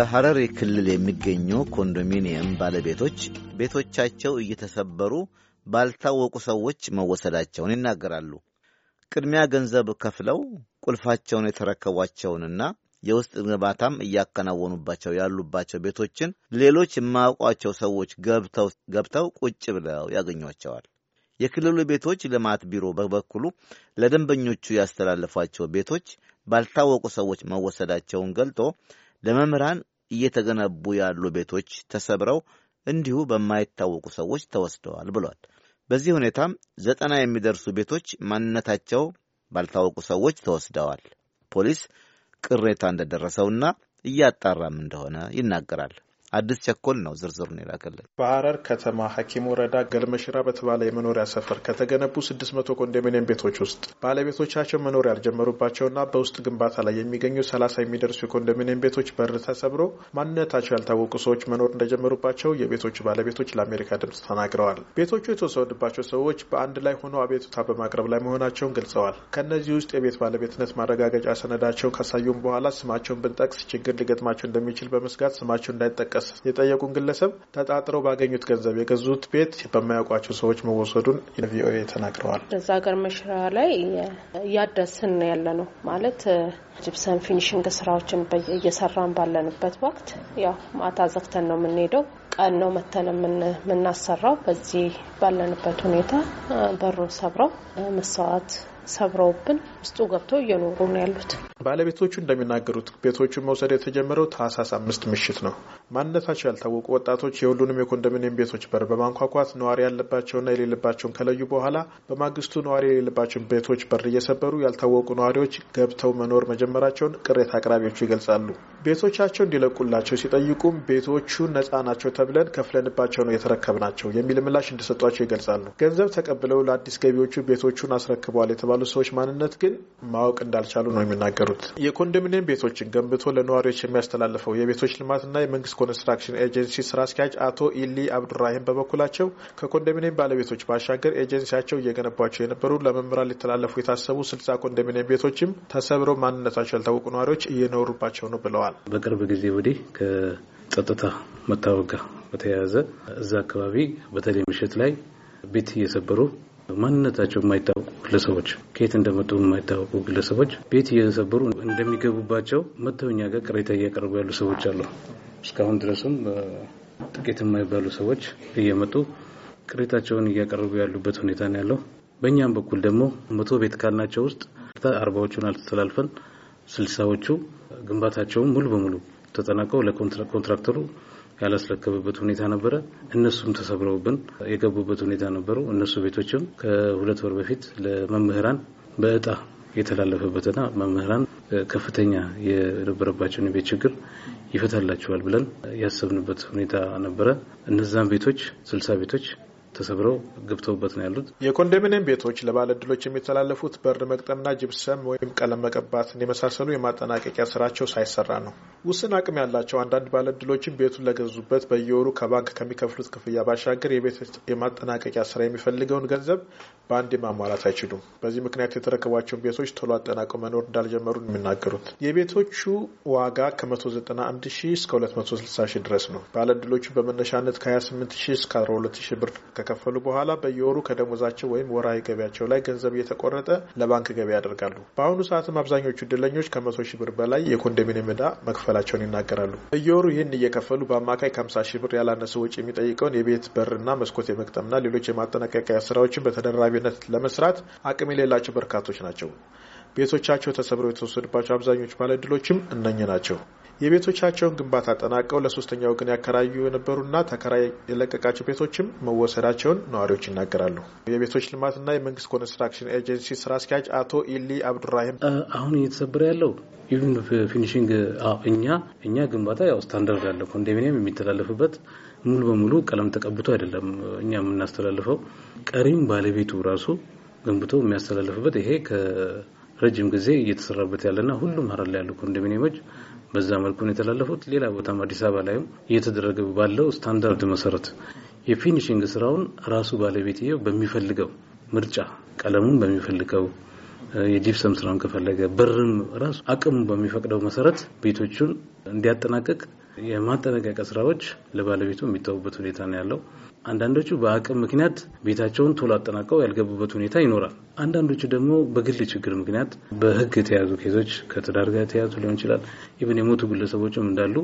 በሐረሪ ክልል የሚገኙ ኮንዶሚኒየም ባለቤቶች ቤቶቻቸው እየተሰበሩ ባልታወቁ ሰዎች መወሰዳቸውን ይናገራሉ። ቅድሚያ ገንዘብ ከፍለው ቁልፋቸውን የተረከቧቸውንና የውስጥ ግንባታም እያከናወኑባቸው ያሉባቸው ቤቶችን ሌሎች የማያውቋቸው ሰዎች ገብተው ቁጭ ብለው ያገኟቸዋል። የክልሉ ቤቶች ልማት ቢሮ በበኩሉ ለደንበኞቹ ያስተላለፏቸው ቤቶች ባልታወቁ ሰዎች መወሰዳቸውን ገልጦ ለመምህራን እየተገነቡ ያሉ ቤቶች ተሰብረው እንዲሁ በማይታወቁ ሰዎች ተወስደዋል ብሏል። በዚህ ሁኔታም ዘጠና የሚደርሱ ቤቶች ማንነታቸው ባልታወቁ ሰዎች ተወስደዋል። ፖሊስ ቅሬታ እንደደረሰውና እያጣራም እንደሆነ ይናገራል። አዲስ ቸኮል ነው ዝርዝሩን የላከልን። በሐረር ከተማ ሐኪም ወረዳ ገልመሽራ በተባለ የመኖሪያ ሰፈር ከተገነቡ ስድስት መቶ ኮንዶሚኒየም ቤቶች ውስጥ ባለቤቶቻቸው መኖር ያልጀመሩባቸውና በውስጥ ግንባታ ላይ የሚገኙ ሰላሳ የሚደርሱ የኮንዶሚኒየም ቤቶች በር ተሰብሮ ማንነታቸው ያልታወቁ ሰዎች መኖር እንደጀመሩባቸው የቤቶቹ ባለቤቶች ለአሜሪካ ድምፅ ተናግረዋል። ቤቶቹ የተወሰዱባቸው ሰዎች በአንድ ላይ ሆነው አቤቱታ በማቅረብ ላይ መሆናቸውን ገልጸዋል። ከእነዚህ ውስጥ የቤት ባለቤትነት ማረጋገጫ ሰነዳቸውን ካሳዩም በኋላ ስማቸውን ብንጠቅስ ችግር ሊገጥማቸው እንደሚችል በመስጋት ስማቸው እንዳይጠቀስ በመጥቀስ የጠየቁን ግለሰብ ተጣጥረው ባገኙት ገንዘብ የገዙት ቤት በማያውቋቸው ሰዎች መወሰዱን ቪኦኤ ተናግረዋል። እዛ ሀገር መሽራ ላይ እያደስን ያለ ነው ማለት ጅብሰን ፊኒሽንግ ስራዎችን እየሰራን ባለንበት ወቅት ያው ማታ ዘግተን ነው የምንሄደው። ቀን ነው መተን የምናሰራው። በዚህ ባለንበት ሁኔታ በሩን ሰብረው መስዋዕት ሰብረውብን ውስጡ ገብተው እየኖሩ ነው ያሉት። ባለቤቶቹ እንደሚናገሩት ቤቶቹን መውሰድ የተጀመረው ታህሳስ አምስት ምሽት ነው። ማንነታቸው ያልታወቁ ወጣቶች የሁሉንም የኮንዶሚኒየም ቤቶች በር በማንኳኳት ነዋሪ ያለባቸውና የሌለባቸውን ከለዩ በኋላ በማግስቱ ነዋሪ የሌለባቸውን ቤቶች በር እየሰበሩ ያልታወቁ ነዋሪዎች ገብተው መኖር መጀመራቸውን ቅሬታ አቅራቢዎቹ ይገልጻሉ። ቤቶቻቸው እንዲለቁላቸው ሲጠይቁም ቤቶቹ ነፃ ናቸው ተብለን ከፍለንባቸው ነው የተረከብናቸው የሚል ምላሽ እንደሰጧቸው ይገልጻሉ። ገንዘብ ተቀብለው ለአዲስ ገቢዎቹ ቤቶቹን አስረክበዋል የተባሉ ሰዎች ማንነት ግን ማወቅ እንዳልቻሉ ነው የሚናገሩ የተናገሩት። የኮንዶሚኒየም ቤቶችን ገንብቶ ለነዋሪዎች የሚያስተላልፈው የቤቶች ልማትና የመንግስት ኮንስትራክሽን ኤጀንሲ ስራ አስኪያጅ አቶ ኢሊ አብዱራሂም በበኩላቸው ከኮንዶሚኒየም ባለቤቶች ባሻገር ኤጀንሲያቸው እየገነባቸው የነበሩ ለመምህራን ሊተላለፉ የታሰቡ ስልሳ ኮንዶሚኒየም ቤቶችም ተሰብረው ማንነታቸው ያልታወቁ ነዋሪዎች እየኖሩባቸው ነው ብለዋል። በቅርብ ጊዜ ወዲህ ከጸጥታ መታወቅ ጋር በተያያዘ እዛ አካባቢ በተለይ ምሽት ላይ ቤት እየሰበሩ ማንነታቸው የማይታወቁ ግለሰቦች ከየት እንደመጡ የማይታወቁ ግለሰቦች ቤት እየተሰበሩ እንደሚገቡባቸው መተው ጋር ቅሬታ እያቀረቡ ያሉ ሰዎች አሉ። እስካሁን ድረስም ጥቂት የማይባሉ ሰዎች እየመጡ ቅሬታቸውን እያቀረቡ ያሉበት ሁኔታ ነው ያለው። በእኛም በኩል ደግሞ መቶ ቤት ካልናቸው ውስጥ አርባዎቹን አልተተላልፈን ስልሳዎቹ ግንባታቸውን ሙሉ በሙሉ ተጠናቀው ለኮንትራክተሩ ያላስረከበበት ሁኔታ ነበረ። እነሱም ተሰብረውብን የገቡበት ሁኔታ ነበረው። እነሱ ቤቶችም ከሁለት ወር በፊት ለመምህራን በእጣ የተላለፈበትና መምህራን ከፍተኛ የነበረባቸውን የቤት ችግር ይፈታላቸዋል ብለን ያሰብንበት ሁኔታ ነበረ። እነዛን ቤቶች ስልሳ ቤቶች ተሰብረው ገብተውበት ነው ያሉት። የኮንዶሚኒየም ቤቶች ለባለድሎች የሚተላለፉት በር መቅጠምና ጅብሰም ወይም ቀለም መቀባትን የመሳሰሉ የማጠናቀቂያ ስራቸው ሳይሰራ ነው። ውስን አቅም ያላቸው አንዳንድ ባለዕድሎችም ቤቱን ለገዙበት በየወሩ ከባንክ ከሚከፍሉት ክፍያ ባሻገር የቤት የማጠናቀቂያ ስራ የሚፈልገውን ገንዘብ በአንድ ማሟላት አይችሉም። በዚህ ምክንያት የተረከቧቸውን ቤቶች ቶሎ አጠናቀው መኖር እንዳልጀመሩ የሚናገሩት የቤቶቹ ዋጋ ከ191 እስከ 260 ድረስ ነው። ባለዕድሎቹ በመነሻነት ከ28 እስከ 12 ብር ከከፈሉ በኋላ በየወሩ ከደሞዛቸው ወይም ወራዊ ገቢያቸው ላይ ገንዘብ እየተቆረጠ ለባንክ ገቢ ያደርጋሉ። በአሁኑ ሰዓትም አብዛኞቹ እድለኞች ከመቶ ሺህ ብር በላይ የኮንዶሚኒየም ዕዳ መክፈላቸውን ይናገራሉ። በየወሩ ይህን እየከፈሉ በአማካይ ከሀምሳ ሺህ ብር ያላነሰ ወጪ የሚጠይቀውን የቤት በርና መስኮት የመግጠምና ሌሎች የማጠናቀቂያ ስራዎችን በተደራቢነት ለመስራት አቅም የሌላቸው በርካቶች ናቸው። ቤቶቻቸው ተሰብረው የተወሰዱባቸው አብዛኞቹ ባለዕድሎችም እነኝ ናቸው። የቤቶቻቸውን ግንባታ አጠናቀው ለሶስተኛ ወገን ያከራዩ የነበሩና ተከራይ የለቀቃቸው ቤቶችም መወሰዳቸውን ነዋሪዎች ይናገራሉ። የቤቶች ልማትና የመንግስት ኮንስትራክሽን ኤጀንሲ ስራ አስኪያጅ አቶ ኢሊ አብዱራሂም አሁን እየተሰበረ ያለው ኢቭን ፊኒሽንግ እኛ እኛ ግንባታ ያው ስታንዳርድ አለ ኮንዶሚኒየም የሚተላለፍበት ሙሉ በሙሉ ቀለም ተቀብቶ አይደለም እኛ የምናስተላልፈው ቀሪም ባለቤቱ ራሱ ገንብቶ የሚያስተላልፍበት ይሄ ከረጅም ጊዜ እየተሰራበት ያለና ሁሉም ሀረር ላይ ያሉ ኮንዶሚኒየሞች በዛ መልኩ ነው የተላለፉት። ሌላ ቦታም አዲስ አበባ ላይም እየተደረገ ባለው ስታንዳርድ መሰረት የፊኒሽንግ ስራውን ራሱ ባለቤትየው በሚፈልገው ምርጫ ቀለሙን በሚፈልገው የጂፕሰም ስራውን ከፈለገ ብርም ራሱ አቅሙ በሚፈቅደው መሰረት ቤቶቹን እንዲያጠናቅቅ የማጠናቀቂያ ስራዎች ለባለቤቱ የሚተዉበት ሁኔታ ነው ያለው። አንዳንዶቹ በአቅም ምክንያት ቤታቸውን ቶሎ አጠናቀው ያልገቡበት ሁኔታ ይኖራል። አንዳንዶቹ ደግሞ በግል ችግር ምክንያት በህግ የተያዙ ኬዞች ከትዳር ጋር የተያዙ ሊሆን ይችላል። ኢብን የሞቱ ግለሰቦችም እንዳሉ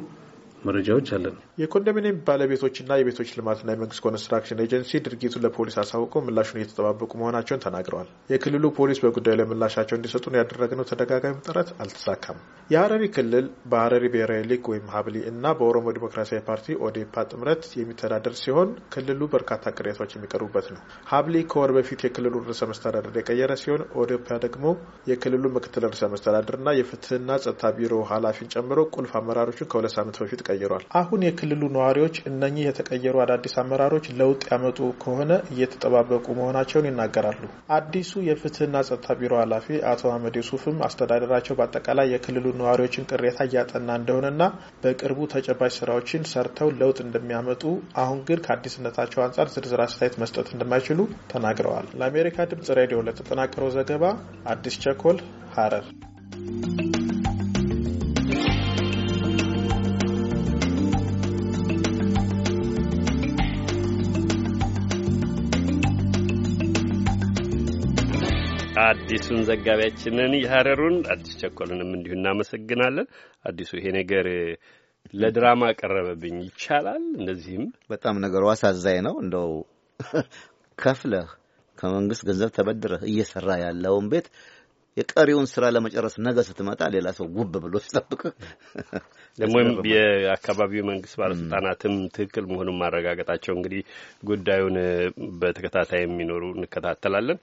መረጃዎች አለን። የኮንዶሚኒየም ባለቤቶችና የቤቶች ልማትና የመንግስት ኮንስትራክሽን ኤጀንሲ ድርጊቱን ለፖሊስ አሳውቀው ምላሹን እየተጠባበቁ መሆናቸውን ተናግረዋል። የክልሉ ፖሊስ በጉዳዩ ላይ ምላሻቸው እንዲሰጡን ያደረግነው ተደጋጋሚ ጥረት አልተሳካም። የሀረሪ ክልል በሀረሪ ብሔራዊ ሊግ ወይም ሀብሊ እና በኦሮሞ ዲሞክራሲያዊ ፓርቲ ኦዴፓ ጥምረት የሚተዳደር ሲሆን ክልሉ በርካታ ቅሬታዎች የሚቀርቡበት ነው። ሀብሊ ከወር በፊት የክልሉ ርዕሰ መስተዳደር የቀየረ ሲሆን ኦዴፓ ደግሞ የክልሉ ምክትል ርዕሰ መስተዳደርና የፍትህና ጸጥታ ቢሮ ኃላፊን ጨምሮ ቁልፍ አመራሮችን ከሁለት ሳምንት በፊት ተቀይሯል። አሁን የክልሉ ነዋሪዎች እነኚህ የተቀየሩ አዳዲስ አመራሮች ለውጥ ያመጡ ከሆነ እየተጠባበቁ መሆናቸውን ይናገራሉ። አዲሱ የፍትህና ጸጥታ ቢሮ ኃላፊ አቶ አህመድ ዩሱፍም አስተዳደራቸው በአጠቃላይ የክልሉ ነዋሪዎችን ቅሬታ እያጠና እንደሆነና በቅርቡ ተጨባጭ ስራዎችን ሰርተው ለውጥ እንደሚያመጡ አሁን ግን ከአዲስነታቸው አንጻር ዝርዝር አስተያየት መስጠት እንደማይችሉ ተናግረዋል። ለአሜሪካ ድምጽ ሬዲዮ ለተጠናቀረው ዘገባ አዲስ ቸኮል ሀረር አዲሱን ዘጋቢያችንን የሀረሩን አዲስ ቸኮልንም እንዲሁ እናመሰግናለን። አዲሱ ይሄ ነገር ለድራማ ቀረበብኝ ይቻላል። እንደዚህም በጣም ነገሩ አሳዛኝ ነው። እንደው ከፍለህ ከመንግስት ገንዘብ ተበድረህ እየሰራ ያለውን ቤት የቀሪውን ስራ ለመጨረስ ነገ ስትመጣ ሌላ ሰው ጉብ ብሎ ሲጠብቅ ደግሞ የአካባቢው መንግስት ባለስልጣናትም ትክክል መሆኑን ማረጋገጣቸው እንግዲህ ጉዳዩን በተከታታይ የሚኖሩ እንከታተላለን።